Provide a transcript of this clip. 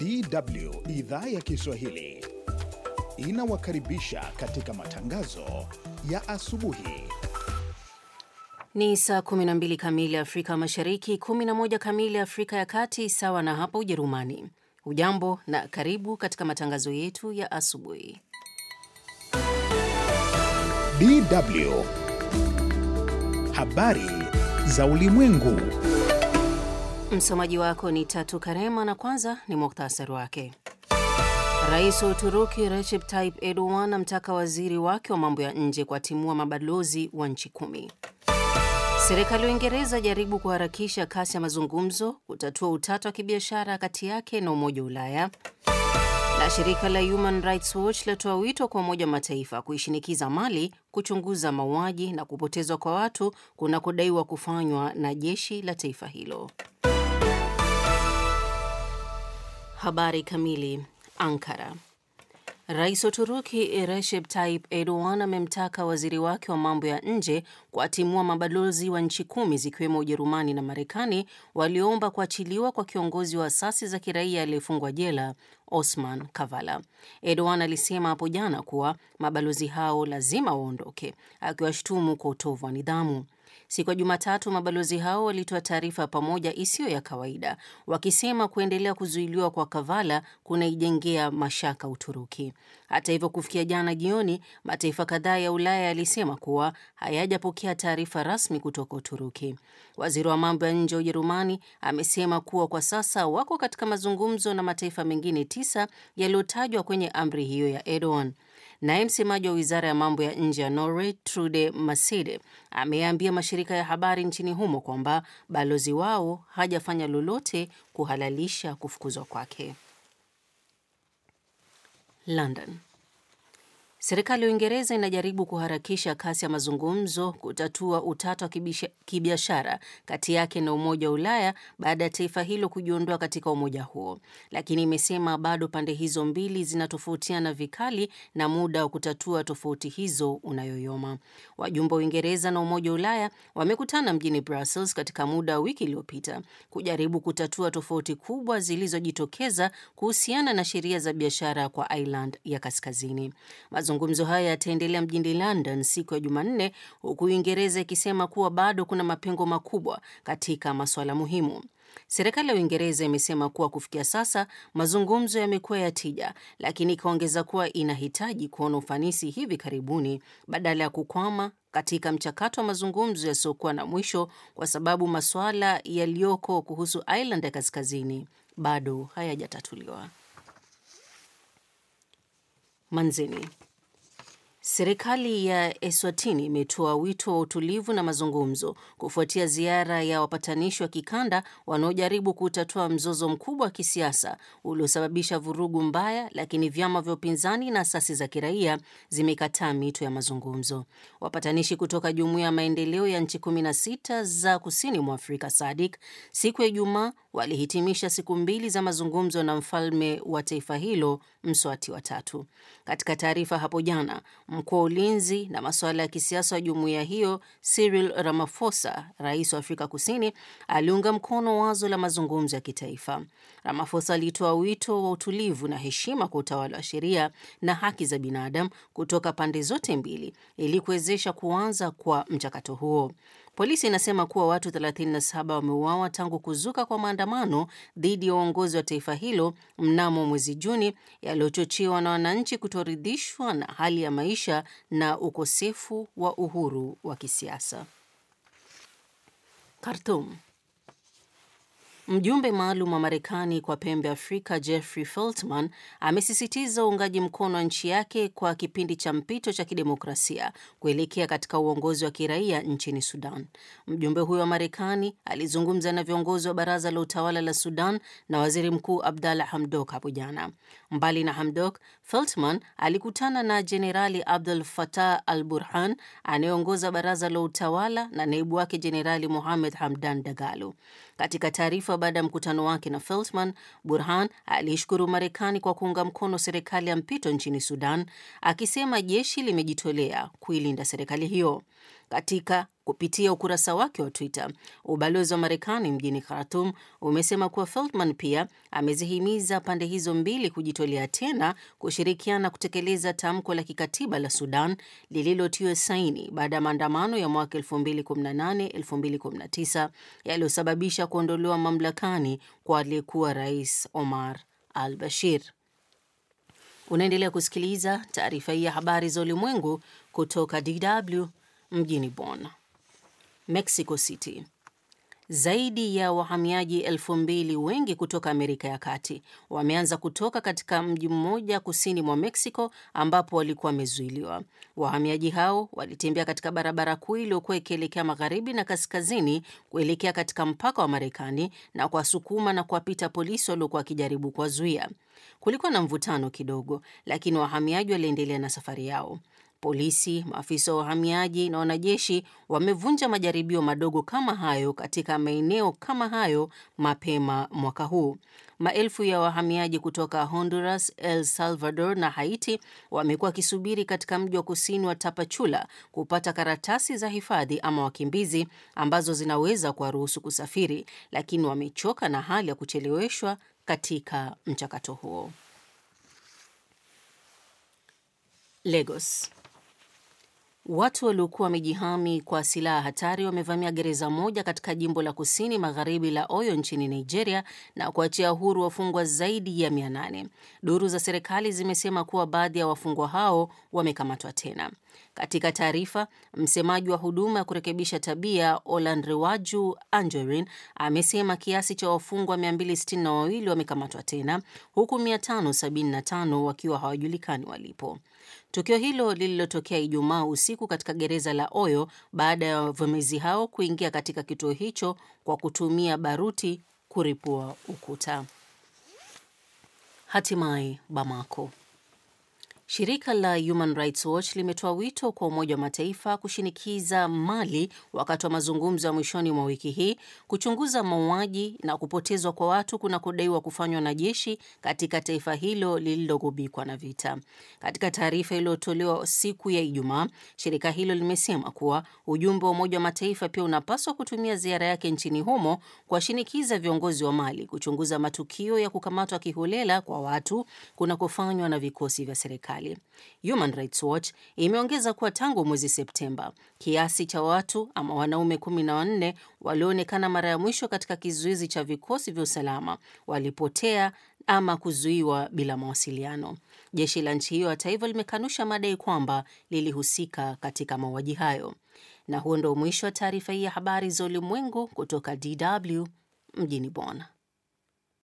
DW idhaa ya Kiswahili inawakaribisha katika matangazo ya asubuhi. Ni saa 12 kamili Afrika Mashariki, 11 kamili Afrika ya Kati, sawa na hapa Ujerumani. ujambo na karibu katika matangazo yetu ya asubuhi. DW habari za ulimwengu Msomaji wako ni Tatu Karema, na kwanza ni muktasari wake. Rais wa Uturuki Recep Tayyip Erdogan amtaka waziri wake wa mambo ya nje kuwatimua mabalozi wa nchi kumi. Serikali ya Uingereza jaribu kuharakisha kasi ya mazungumzo kutatua utata wa kibiashara kati yake na Umoja wa Ulaya. Na shirika la Human Rights Watch latoa wito kwa Umoja wa Mataifa kuishinikiza Mali kuchunguza mauaji na kupotezwa kwa watu kunakodaiwa kufanywa na jeshi la taifa hilo. Habari kamili. Ankara. Rais Uturuki Recep Tayyip Erdogan amemtaka waziri wake wa mambo ya nje kuatimua mabalozi wa nchi kumi zikiwemo Ujerumani na Marekani walioomba kuachiliwa kwa kiongozi wa asasi za kiraia aliyefungwa jela Osman Kavala. Erdogan alisema hapo jana kuwa mabalozi hao lazima waondoke, akiwashutumu kwa utovu wa nidhamu. Siku ya Jumatatu, mabalozi hao walitoa taarifa pamoja isiyo ya kawaida, wakisema kuendelea kuzuiliwa kwa Kavala kunaijengea mashaka Uturuki. Hata hivyo, kufikia jana jioni, mataifa kadhaa ya Ulaya yalisema kuwa hayajapokea taarifa rasmi kutoka Uturuki. Waziri wa mambo ya nje wa Ujerumani amesema kuwa kwa sasa wako katika mazungumzo na mataifa mengine tisa yaliyotajwa kwenye amri hiyo ya Erdogan. Naye msemaji wa wizara ya mambo ya nje ya Norway Trude Maside ameambia mashirika ya habari nchini humo kwamba balozi wao hajafanya lolote kuhalalisha kufukuzwa kwake. London. Serikali ya Uingereza inajaribu kuharakisha kasi ya mazungumzo kutatua utata wa kibiashara kati yake na Umoja wa Ulaya baada ya taifa hilo kujiondoa katika umoja huo, lakini imesema bado pande hizo mbili zinatofautiana vikali na muda wa kutatua tofauti hizo unayoyoma. Wajumbe wa Uingereza na Umoja wa Ulaya wamekutana mjini Brussels katika muda wa wiki iliyopita kujaribu kutatua tofauti kubwa zilizojitokeza kuhusiana na sheria za biashara kwa Ireland ya Kaskazini. Mazungumzo haya yataendelea mjini London siku ya Jumanne, huku Uingereza ikisema kuwa bado kuna mapengo makubwa katika masuala muhimu. Serikali ya Uingereza imesema kuwa kufikia sasa mazungumzo yamekuwa ya tija, lakini ikaongeza kuwa inahitaji kuona ufanisi hivi karibuni badala ya kukwama katika mchakato wa mazungumzo yasiyokuwa na mwisho, kwa sababu masuala yaliyoko kuhusu Ireland ya kaskazini bado hayajatatuliwa. Manzini Serikali ya Eswatini imetoa wito wa utulivu na mazungumzo kufuatia ziara ya wapatanishi wa kikanda wanaojaribu kutatua mzozo mkubwa wa kisiasa uliosababisha vurugu mbaya, lakini vyama vya upinzani na asasi za kiraia zimekataa mito ya mazungumzo. Wapatanishi kutoka Jumuiya ya Maendeleo ya nchi 16 za Kusini mwa Afrika SADIK siku ya Ijumaa walihitimisha siku mbili za mazungumzo na mfalme wa taifa hilo Mswati watatu. Katika taarifa hapo jana Mkuu wa ulinzi na masuala ya kisiasa wa jumuiya hiyo Cyril Ramaphosa, rais wa Afrika Kusini, aliunga mkono wazo la mazungumzo ya kitaifa. Ramaphosa alitoa wito wa utulivu na heshima kwa utawala wa sheria na haki za binadamu kutoka pande zote mbili ili kuwezesha kuanza kwa mchakato huo. Polisi inasema kuwa watu 37 wameuawa tangu kuzuka kwa maandamano dhidi ya uongozi wa taifa hilo mnamo mwezi Juni, yaliyochochewa na wananchi kutoridhishwa na hali ya maisha na ukosefu wa uhuru wa kisiasa. Khartoum. Mjumbe maalum wa Marekani kwa pembe Afrika Jeffrey Feltman amesisitiza uungaji mkono wa nchi yake kwa kipindi cha mpito cha kidemokrasia kuelekea katika uongozi wa kiraia nchini Sudan. Mjumbe huyo wa Marekani alizungumza na viongozi wa baraza la utawala la Sudan na waziri mkuu Abdalla Hamdok hapo jana. Mbali na Hamdok, Feltman alikutana na Jenerali Abdul Fatah Al Burhan anayeongoza baraza la utawala na naibu wake Jenerali Muhamed Hamdan Dagalo. Katika taarifa baada ya mkutano wake na Feltman, Burhan aliishukuru Marekani kwa kuunga mkono serikali ya mpito nchini Sudan, akisema jeshi limejitolea kuilinda serikali hiyo katika kupitia ukurasa wake wa Twitter. Ubalozi wa Marekani mjini khartum umesema kuwa Feldman pia amezihimiza pande hizo mbili kujitolea tena kushirikiana kutekeleza tamko la kikatiba la Sudan lililotiwa saini baada ya maandamano ya mwaka 2018-2019 yaliyosababisha kuondolewa mamlakani kwa aliyekuwa Rais Omar al-Bashir. Unaendelea kusikiliza taarifa hii ya habari za ulimwengu kutoka DW mjini Bonn, Mexico City. Zaidi ya wahamiaji elfu mbili wengi kutoka Amerika ya Kati wameanza kutoka katika mji mmoja kusini mwa Mexico ambapo walikuwa wamezuiliwa. Wahamiaji hao walitembea katika barabara kuu iliyokuwa ikielekea magharibi na kaskazini kuelekea katika mpaka wa Marekani na kuwasukuma na kuwapita polisi waliokuwa wakijaribu kuwazuia. Kulikuwa na mvutano kidogo, lakini wahamiaji waliendelea na safari yao. Polisi, maafisa wa uhamiaji na wanajeshi wamevunja majaribio madogo kama hayo katika maeneo kama hayo mapema mwaka huu. Maelfu ya wahamiaji kutoka Honduras, El Salvador na Haiti wamekuwa wakisubiri katika mji wa kusini wa Tapachula kupata karatasi za hifadhi ama wakimbizi ambazo zinaweza kuwaruhusu kusafiri, lakini wamechoka na hali ya kucheleweshwa katika mchakato huo. Lagos. Watu waliokuwa wamejihami kwa silaha hatari wamevamia gereza moja katika jimbo la kusini magharibi la Oyo nchini Nigeria na kuachia huru wafungwa zaidi ya mia nane. Duru za serikali zimesema kuwa baadhi ya wafungwa hao wamekamatwa tena. Katika taarifa, msemaji wa huduma ya kurekebisha tabia Olanrewaju Anjorin amesema kiasi cha wafungwa 262 wamekamatwa tena huku 575 wakiwa hawajulikani walipo. Tukio hilo lililotokea Ijumaa usiku katika gereza la Oyo baada ya wavamizi hao kuingia katika kituo hicho kwa kutumia baruti kuripua ukuta. Hatimaye Bamako. Shirika la Human Rights Watch limetoa wito kwa Umoja wa Mataifa kushinikiza Mali wakati wa mazungumzo ya mwishoni mwa wiki hii kuchunguza mauaji na kupotezwa kwa watu kunakodaiwa kufanywa na jeshi katika taifa hilo lililogubikwa na vita. Katika taarifa iliyotolewa siku ya Ijumaa, shirika hilo limesema kuwa ujumbe wa Umoja wa Mataifa pia unapaswa kutumia ziara yake nchini humo kuwashinikiza viongozi wa Mali kuchunguza matukio ya kukamatwa kiholela kwa watu kunakofanywa na vikosi vya serikali serikali. Human Rights Watch imeongeza kuwa tangu mwezi Septemba, kiasi cha watu ama wanaume kumi na wanne walioonekana mara ya mwisho katika kizuizi cha vikosi vya usalama walipotea ama kuzuiwa bila mawasiliano. Jeshi la nchi hiyo hata hivyo limekanusha madai kwamba lilihusika katika mauaji hayo. Na huo ndio mwisho wa taarifa hii ya habari za ulimwengu kutoka DW mjini Bonn.